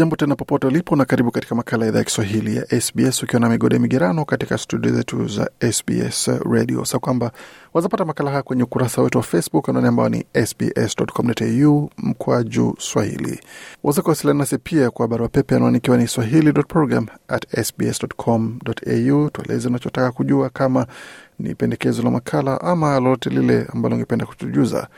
Jambo tena popote ulipo na karibu katika makala ya idhaa ya Kiswahili ya SBS ukiwa na migode migerano katika studio zetu za SBS Radio. Sa kwamba wazapata makala haya kwenye ukurasa wetu wa Facebook anani ambao ni sbs.com.au juu swahili. Waweza kuwasiliana nasi pia kwa barua pepe anani ikiwa ni swahili.program@sbs.com.au. Tueleze unachotaka kujua, kama ni pendekezo la makala ama lolote lile ambalo ungependa kutujuza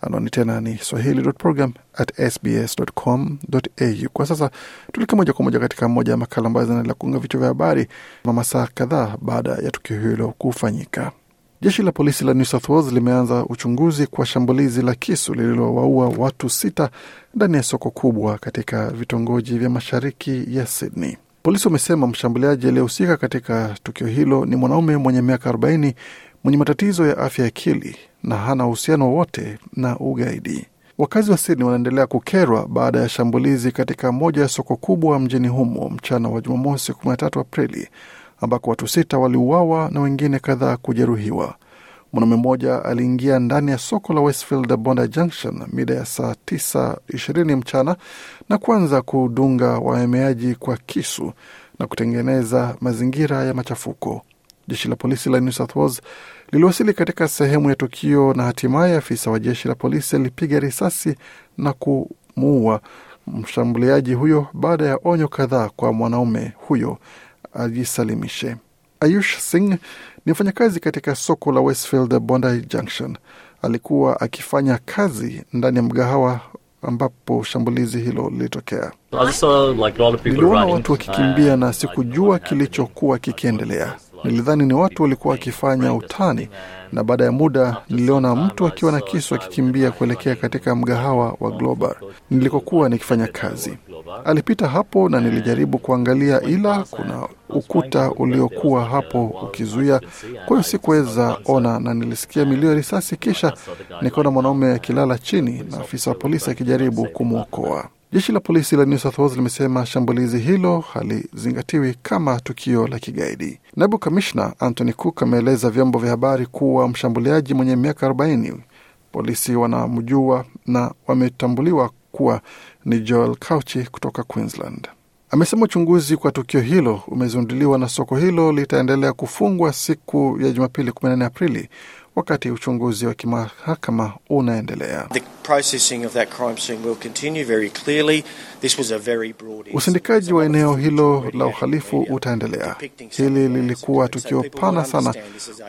anwani tena ni swahili.program@sbs.com.au. Kwa sasa tulike moja kwa moja katika moja ya makala ambayo zinaendelea kuunga vichwa vya habari na masaa kadhaa baada ya tukio hilo kufanyika. Jeshi la polisi la New South Wales limeanza uchunguzi kwa shambulizi la kisu lililowaua watu sita ndani ya soko kubwa katika vitongoji vya mashariki ya Sydney. Polisi wamesema mshambuliaji aliyehusika katika tukio hilo ni mwanaume mwenye miaka 40 mwenye matatizo ya afya ya akili na hana uhusiano wowote na ugaidi. Wakazi wa Sydney wanaendelea kukerwa baada ya shambulizi katika moja ya soko kubwa mjini humo mchana wa Jumamosi 13 Aprili, ambako watu sita waliuawa na wengine kadhaa kujeruhiwa. Mwanaume mmoja aliingia ndani ya soko la Westfield Bondi Junction mida ya saa 9:20 mchana na kuanza kudunga waemeaji kwa kisu na kutengeneza mazingira ya machafuko. Jeshi la polisi la New South Wales liliwasili katika sehemu ya tukio na hatimaye afisa wa jeshi la polisi alipiga risasi na kumuua mshambuliaji huyo baada ya onyo kadhaa kwa mwanaume huyo ajisalimishe. Ayush Singh ni mfanyakazi katika soko la Westfield Bondi Junction. Alikuwa akifanya kazi ndani ya mgahawa ambapo shambulizi hilo lilitokea. Niliona watu uh, wakikimbia na sikujua uh, kilichokuwa kikiendelea nilidhani ni watu walikuwa wakifanya utani, na baada ya muda niliona mtu akiwa na kisu akikimbia kuelekea katika mgahawa wa Global nilikokuwa nikifanya kazi. Alipita hapo na nilijaribu kuangalia, ila kuna ukuta uliokuwa hapo ukizuia, kwa hiyo sikuweza ona, na nilisikia milio ya risasi, kisha nikaona mwanaume akilala chini na afisa wa polisi akijaribu kumwokoa. Jeshi la polisi la New South Wales limesema shambulizi hilo halizingatiwi kama tukio la kigaidi. Naibu kamishna Anthony Cook ameeleza vyombo vya habari kuwa mshambuliaji mwenye miaka 40 polisi wanamjua na wametambuliwa kuwa ni Joel Cauchi kutoka Queensland. Amesema uchunguzi kwa tukio hilo umezunduliwa na soko hilo litaendelea kufungwa siku ya Jumapili 14 Aprili wakati uchunguzi wa kimahakama unaendelea. Usindikaji wa eneo hilo la uhalifu utaendelea. Hili lilikuwa tukio pana sana.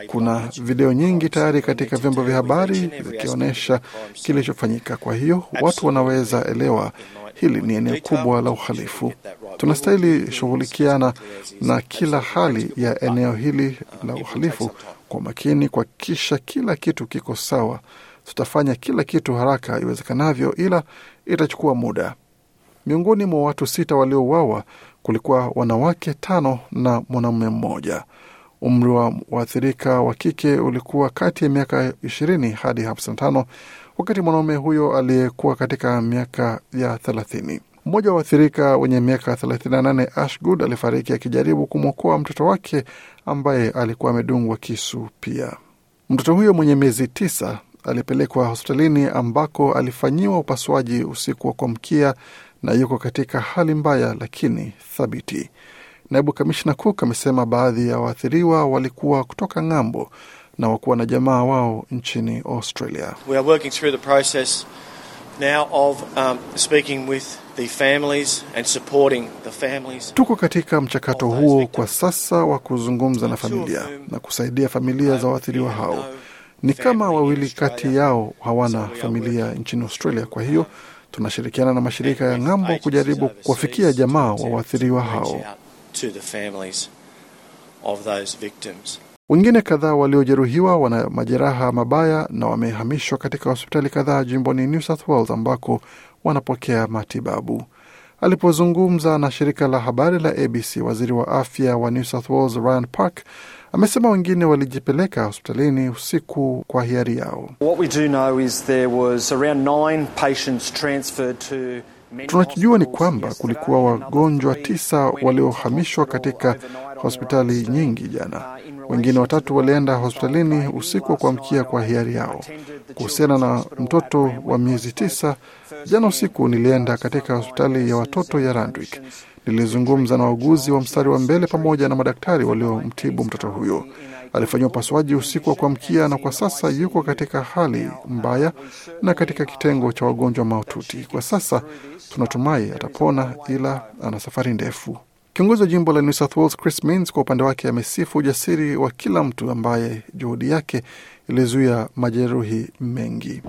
Kuna video nyingi tayari katika vyombo vya habari zikionyesha kilichofanyika, kwa hiyo watu wanaweza elewa hili ni eneo kubwa la uhalifu. Tunastahili shughulikiana na kila hali ya eneo hili la uhalifu kwa makini kuhakikisha kila kitu kiko sawa. Tutafanya kila kitu haraka iwezekanavyo, ila itachukua muda. Miongoni mwa watu sita waliouawa kulikuwa wanawake tano na mwanamume mmoja. Umri wa waathirika wa kike ulikuwa kati ya miaka ishirini hadi 55 na tano wakati mwanamume huyo aliyekuwa katika miaka ya thelathini. Mmoja wa waathirika wenye miaka 38 Ashgood alifariki akijaribu kumwokoa mtoto wake ambaye alikuwa amedungwa kisu pia. Mtoto huyo mwenye miezi tisa alipelekwa hospitalini ambako alifanyiwa upasuaji usiku wa kuamkia na yuko katika hali mbaya lakini thabiti. Naibu kamishna Cook amesema baadhi ya waathiriwa walikuwa kutoka ng'ambo na wakuwa na jamaa wao nchini Australia. We are working through the process now of, um, speaking with the families and supporting the families. Tuko katika mchakato huo kwa sasa wa kuzungumza na familia na kusaidia familia za waathiriwa hao. Ni kama wawili kati yao hawana familia nchini Australia, kwa hiyo tunashirikiana na mashirika ya ng'ambo kujaribu kuwafikia jamaa wa waathiriwa hao. Wengine kadhaa waliojeruhiwa wana majeraha mabaya na wamehamishwa katika hospitali kadhaa jimboni New South Wales ambako wanapokea matibabu. Alipozungumza na shirika la habari la ABC, waziri wa afya wa New South Wales Ryan Park amesema wengine walijipeleka hospitalini usiku kwa hiari yao. Tunachojua ni kwamba kulikuwa wagonjwa tisa waliohamishwa katika hospitali nyingi jana. Wengine watatu walienda hospitalini usiku wa kuamkia kwa hiari yao. Kuhusiana na mtoto wa miezi tisa, jana usiku nilienda katika hospitali ya watoto ya Randwick. Nilizungumza na wauguzi wa mstari wa mbele pamoja na madaktari waliomtibu mtoto huyo. Alifanyiwa upasuaji usiku wa kuamkia na kwa sasa yuko katika hali mbaya na katika kitengo cha wagonjwa mahututi. Kwa sasa tunatumai atapona, ila ana safari ndefu. Kiongozi wa jimbo la New South Wales Chris Minns kwa upande wake amesifu ujasiri wa kila mtu ambaye juhudi yake ilizuia majeruhi mengi.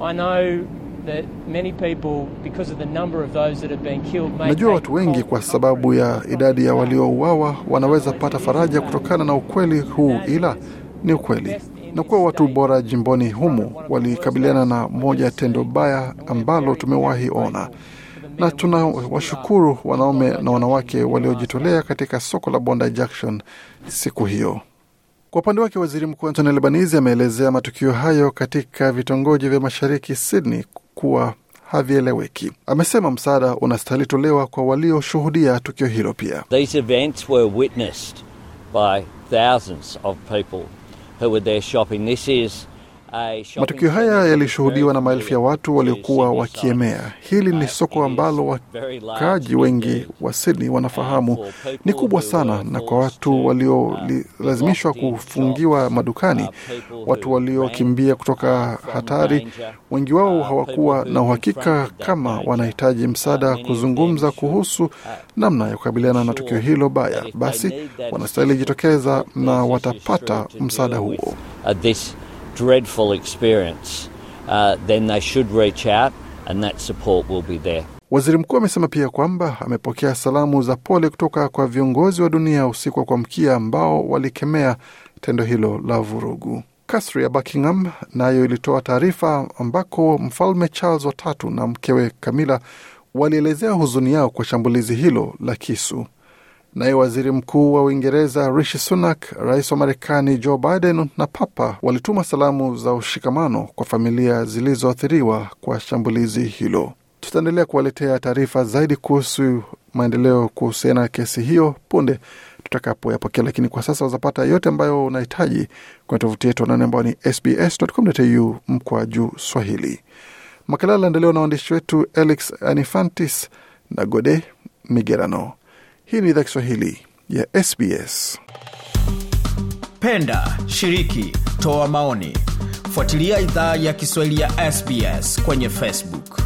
Najua watu wengi kwa sababu ya idadi ya waliouawa wanaweza pata faraja kutokana na ukweli huu, ila ni ukweli na kuwa watu bora jimboni humu walikabiliana na moja ya tendo baya ambalo tumewahi ona na tunawashukuru wanaume na wanawake waliojitolea katika soko la Bondi Junction siku hiyo. Kwa upande wake, waziri mkuu Anthony Albanese ameelezea matukio hayo katika vitongoji vya mashariki Sydney kuwa havieleweki. Amesema msaada unastahili tolewa kwa walioshuhudia tukio hilo. Pia These events were witnessed by thousands of people who were there shopping. This is Matukio haya yalishuhudiwa na maelfu ya watu waliokuwa wakiemea. Hili ni soko ambalo wakaaji wengi wa Sydney wanafahamu ni kubwa sana, na kwa watu waliolazimishwa kufungiwa madukani, watu waliokimbia kutoka hatari, wengi wao hawakuwa na uhakika kama wanahitaji msaada kuzungumza kuhusu namna ya kukabiliana na tukio hilo baya, basi wanastahili jitokeza na watapata msaada huo. Uh, dreadful experience, uh, then they should reach out and that support will be there. Waziri mkuu amesema pia kwamba amepokea salamu za pole kutoka kwa viongozi wa dunia usiku wa kuamkia ambao walikemea tendo hilo la vurugu. Kasri ya Buckingham nayo ilitoa taarifa ambako mfalme Charles watatu na mkewe Kamila walielezea huzuni yao kwa shambulizi hilo la kisu. Naye waziri mkuu wa Uingereza Rishi Sunak, rais wa Marekani Joe Biden na Papa walituma salamu za ushikamano kwa familia zilizoathiriwa kwa shambulizi hilo. Tutaendelea kuwaletea taarifa zaidi kuhusu maendeleo kuhusiana na kesi hiyo punde tutakapoyapokea, lakini kwa sasa wazapata yote ambayo unahitaji kwenye tovuti yetu anani ambayo ni sbs.com.au mkwa juu Swahili. Makala yaliandaliwa na waandishi wetu Alex Anifantis na Gode Migerano. Hii ni idhaa Kiswahili ya SBS. Penda, shiriki, toa maoni, fuatilia idhaa ya Kiswahili ya SBS kwenye Facebook.